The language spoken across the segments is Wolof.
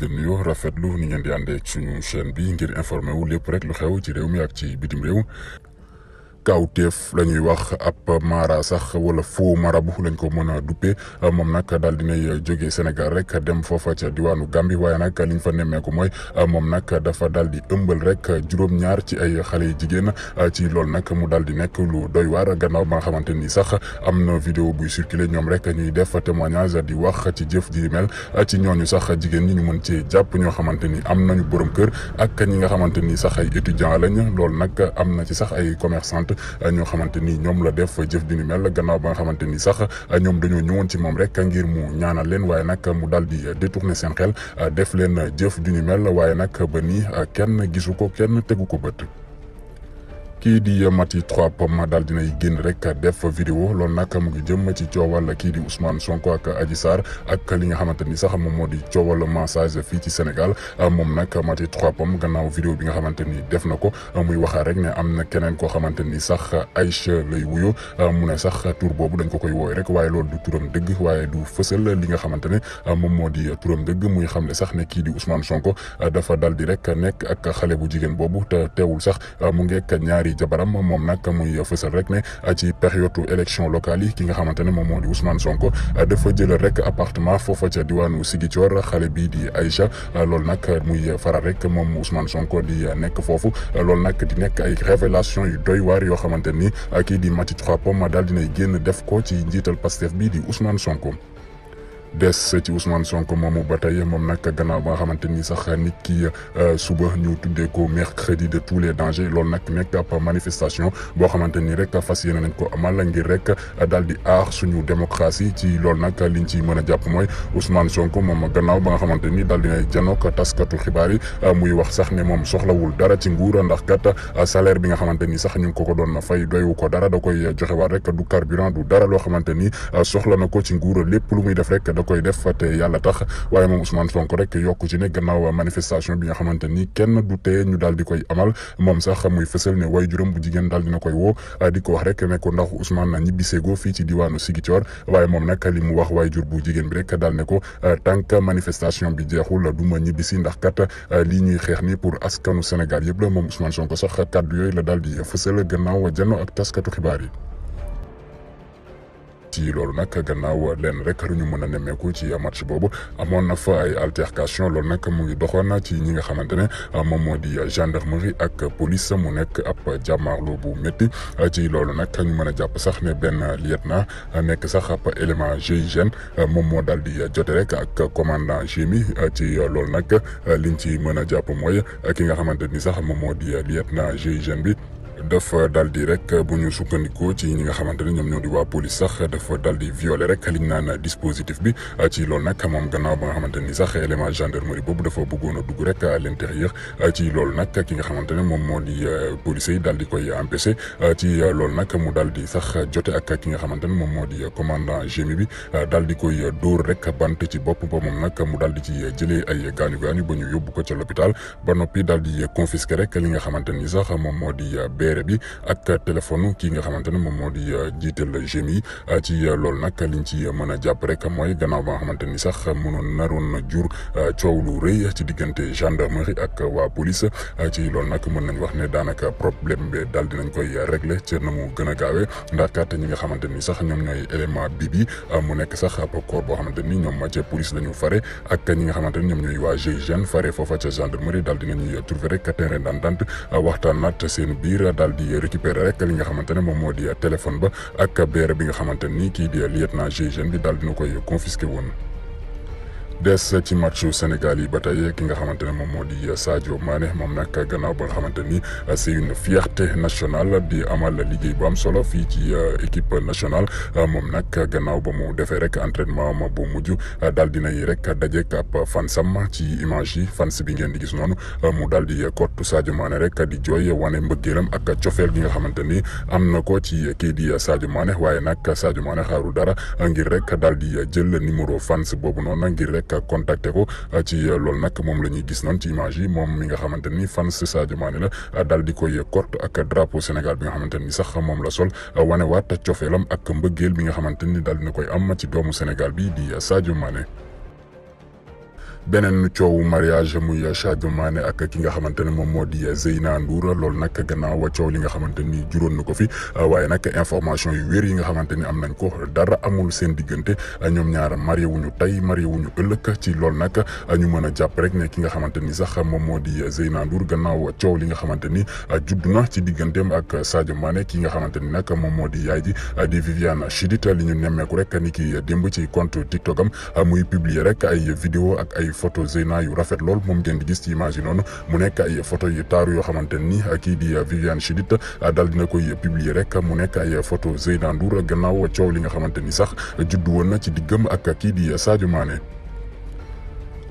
lu nuyoo rafetlu ni ngeen di àndee ak suñu bi ngir informé wu lépp rek lu xew ci réew mi ak ci bitim réew kawteef la ñuy wax ab mara sax wala faux marabu lañ ko mën a duppe moom nag daal dinay jógee Sénégal rek dem foofa ca diwaanu Gambie waaye nag liñ fa nemmeeku mooy moom nag dafa daal di ëmbal rek juróom-ñaar ci ay xale jigéen ci loolu nag mu dal di nekk lu doy waar gannaaw ba nga xamante ni sax am na vidéo buy circulé ñoom rek ñuy def témoignage di wax ci jëf ji mel ci ñooñu sax jigéen ñi ñu ci jàpp ñoo xamante ni am nañu borom kër ak ñi nga xamante ni sax ay étudiant lañ loolu nag am na ci sax ay commerçante Euh, ñoo xamante ni ñoom la def jëf ju ni mel gannaaw ba nga xamante ni sax euh, ñoom dañoo ñëwoon ci moom rek ngir mu ñaanal leen waaye nag mu daal di euh, détourner seen xel def leen jëf ju ni mel waaye nag ba nii kenn gisu ko kenn tegu ko bët. kii di Maty 3 Pommes daal dina génn rek def fa vidéo lool nag mu ngi jëm ci coowal kii di Ousmane Sonko ak Adji Sarr ak li nga xamante ni sax moom moo di coowal massage fii ci Sénégal moom nag Maty 3 Pommes gannaaw vidéo bi nga xamante ni def na ko muy waxaa rek ne am na keneen koo xamante ni sax Aïcha lay wuyo mu ne sax tur boobu dañ ko koy wooy rek waaye lool du turam dëgg waaye du fësal li nga xamante ne moom moo di turam dëgg muy ne sax ne kii di Ousmane Sonko dafa dal di rek nekk ak xale bu jigéen boobu te teewul sax mu ngeek ñaari mon jabaram mom nak muy fessel rek né ci période élection locale yi ki nga xamante mom modi Ousmane Sonko dafa jël rek appartement foofa ca Sigi Ziguinchor xalé bi di Aïcha lool nak muy fara rek mom Ousmane Sonko di nek fofu lool nak di nek ay révélation yu doy war yo xamante ak di Maty Trois Pommes dal dina génn def ko ci njital Pastef bi di Ousmane Sonko des ci Ousmane Sonko momu ba mom nak gannaaw ba xamanteni ni sax nit ki euh, suba ñu tuddé ko mercredi de tous les dangers lool nak nek ab manifestation bo xamanteni ni rek fas yéene nañ ko amal ngir rek daldi di suñu démocratie ci lool nak liñ ci mëna japp moy Ousmane Sonko moom gannaaw ba xamanteni daldi ni daal taskatu xibaari euh, muy wax sax ne moom soxlawul dara ci nguur ndax kat euh, salaire bi nga xamanteni sax ñu ko ko doon fay doywu ko dara da koy joxewaat rek du carburant du dara lo xamanteni soxla na ko ci nguur lepp lu muy def rek koy def te yàlla tax waaye moom Ousmane Sonko rek yokku ci ne gannaaw manifestation bi nga xamante ni kenn du teye ñu daal di koy amal moom sax muy fësal ne way juróom bu jigéen daal dina koy woo di ko wax rek ne ko ndax Ousmane ñibbiseego fii ci diwaanu Ziguinchor waaye moom nag li mu wax waay jur bu jigéen bi rek daal ne ko tànk manifestation bi jeexul du ma ñibbisi ndax kat lii ñuy xeex ni pour askanu Sénégal yëpp la moom Ousmane Sonko sax kàddu yooyu la daal di fësal gannaaw janno ak taskatu xibaar yi ci loolu nag gannaaw leen rek lu ñu mën a nemmeeku ci match boobu amoon na fa ay altercation loolu nag mu ngi doxoon ci ñi nga xamante ne ah, moom moo di gendarmerie ak police mu nekk ab jàmmaarloo bu métti ah, ci loolu nag ñu mën a jàpp sax ne benn lieutenant ah, nekk sax ab élément GIGN moom moo daal di jote rek ak commandant GMI ci loolu nag liñ ci mën a jàpp mooy ki nga xamante ni sax moom moo di lieutenant GIGN bi. dafa daal di rek bu ñu sukkandikoo ci ñi nga xamante ne ñoom ñoo di waa police sax dafa daal di violer rek liñ naan dispositif bi ci loolu nag moom gannaaw ba nga xamante ni sax élément gendarmerie boobu dafa bëggoon a dugg rek à l'intérieur ci loolu nag ki nga xamante ne moom moo di euh, policier yi daal di koy empêché ci loolu nag mu daal di sax jote ak ki nga xamante ne moom moo di commandant gémi bi daal di koy dóor rek bant ci bopp ba moom nag mu daal di ci jëlee ay gaañu gaañu ba ñu yóbbu ko ca l'hôpital ba noppi daal di confisquer rek li nga xamante ni sax moom moo euh, téere bi ak téléphone kii nga xamante moom moo di euh, jiital GMI euh, ci euh, loolu nag liñ ci mën a jàpp rek mooy gannaaw ba nga xamante ni sax na naroon na jur coow lu rëy ci diggante gendarmerie ak waa police ci loolu nag mën nañ wax ne daanaka problème bi daal dinañ koy régler ci na mu gën a gaawee ndax kat ñi nga xamante ni sax ñoom ñooy élément bi bi mu nekk sax ab corps boo xamante ni ñoom ca police la fare ak ñi nga xamante ñoom ñooy daal di récupérer rek li nga xamante mom moom di téléphone ba ak beere bi nga xamante ki di lieutenant GIGN bi dal dina koy confisquer won des ci matchu Sénégal yi ba tey ki nga xamante ne moom moo di Sadio Mané moom nag gannaaw ba nga xamante ni c'est une fierté nationale di amal liggéey bu am solo fii ci euh, équipe national euh, moom nag gannaaw ba mu defee rek entraînement ma bu mujj euh, daal di nay rek dajeek ab fansam ci image yi fans bi ngeen di gis noonu mu daal di kottu Sadio maane rek di jooy wane mbëggeelam ak cofeel gi nga xamante ni am na ko ci kii di Sadio Mané waaye nag Sadio Mané xaaru dara ngir rek daal di jël numéro fans boobu noonu ngir rek. rek contacté ko ah, ci ah, loolu nag moom la ñuy gis noon ci image yi moom mi nga xamante ni fan Sadio maane la ah, dal di koy kort ak drapeau Sénégal bi nga xamante ni sax moom la sol wanewaat cofeelam ak mbëggeel bi nga xamante ni daal dina koy am ma ci doomu Sénégal bi di Sadio maane beneen coowu mariage muy Sadio Mané ak ki nga xamante ne moom moo di Zeyna Ndour loolu nag gannaaw wa coow li nga xamante ni juróon na ko fi waaye nag information yu wér yi nga xamante ni am nañ ko dara amul seen diggante ñoom ñaar marié wuñu tey marié wuñu ci loolu nag ñu mën a jàpp rek ne ki nga xamante ni sax moom moo di Zeyna Ndour gannaaw coow li nga xamante ni judd na ci digganteem ak Sadio Mané ki nga xamante ni nag moom moo di yaay ji di Viviane Chidid li ñu nemmeeku rek ni ki démb ci compte TikTok am muy publier rek ay vidéo ak ay photo Zeyna yu rafet lool moom ngeen di gis ci yi noonu mu nekk ay photo yu taaru yoo xamante ni kii di Viviane Chidid ah, daal dina koy publier rek mu nekk ay photo Zeyna Ndour gannaaw coow li nga xamante ni sax juddu woon na ci diggam ak kii di Sadio Mané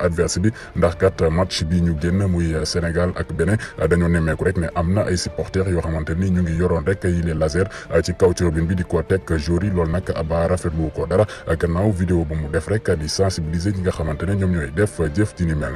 Adversité, ndax kat match bi ñu génn muy Sénégal ak Bénin dañoo nemmeeku rek ne amna ay supporters yo xamante ñu ngi yoron rek yi laser ci kaw ci bi di ko tek jour lool nak nag Aba rafetlu ko dara gannaaw vidéo bu mu def rek di sensibiliser ñi nga xamante ñom ñoy def jëf ci ni mel.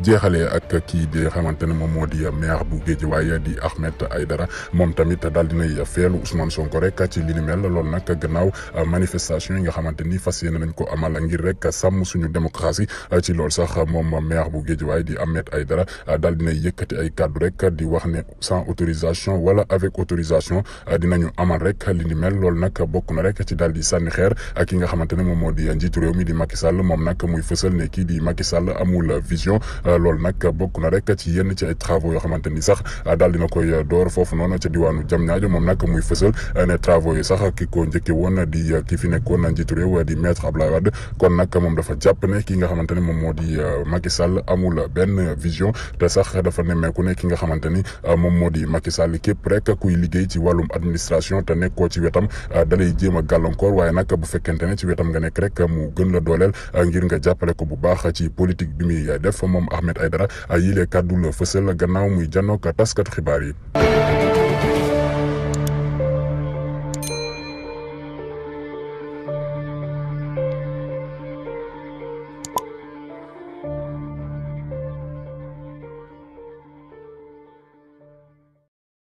jeexalee ak kii di xamante ne moom moo di maire bu waaye di ay dara moom tamit daal dinay feelu Ousmane Sonko rek ci li ni mel loolu nag gannaaw manifestation yi nga xamante ni fas yéene nañ ko amal ngir rek sàmm suñu démocratie ci loolu sax moom maire bu Guédiawaye di Ahmed Aïdara daal dinay yëkkati ay kàddu rek di wax ne sans autorisation wala avec autorisation dinañu amal rek li ni mel loolu nag bokk na rek ci daal di sànni xeer ak ki nga xamante ne moom moo di njiitu réew mi di Macky Sall moom nag muy fësal ne kii di Macky Sall amul vision Euh, loolu nag bokk na rek ci yenn ci ay travaux yoo xamante ni sax euh, daal dina koy euh, door foofu noonu ca diwaanu Diamniadio moom nag muy fësal ne travaux yi sax ki ko njëkke woon di ki fi nekkoon njiitu réew di maître Abdoulaye Wade kon nag moom dafa jàpp ne ki nga xamante ne moom moo di Macky Sall amul benn vision te sax dafa nemmeeku ne ki nga xamante ni moom moo di Macky Sall képp rek kuy liggéey ci wàllum administration te nekkoo ci wetam dalay jéem a gàllankoor waaye nag bu fekkente ne ci wetam nga nekk rek mu gën la dooleel ngir nga jàppale ko bu baax ci politique bi muy def moom Ahmed Aïdara ay yile kàddu la fësal gannaaw muy janook taskatu xibaar yi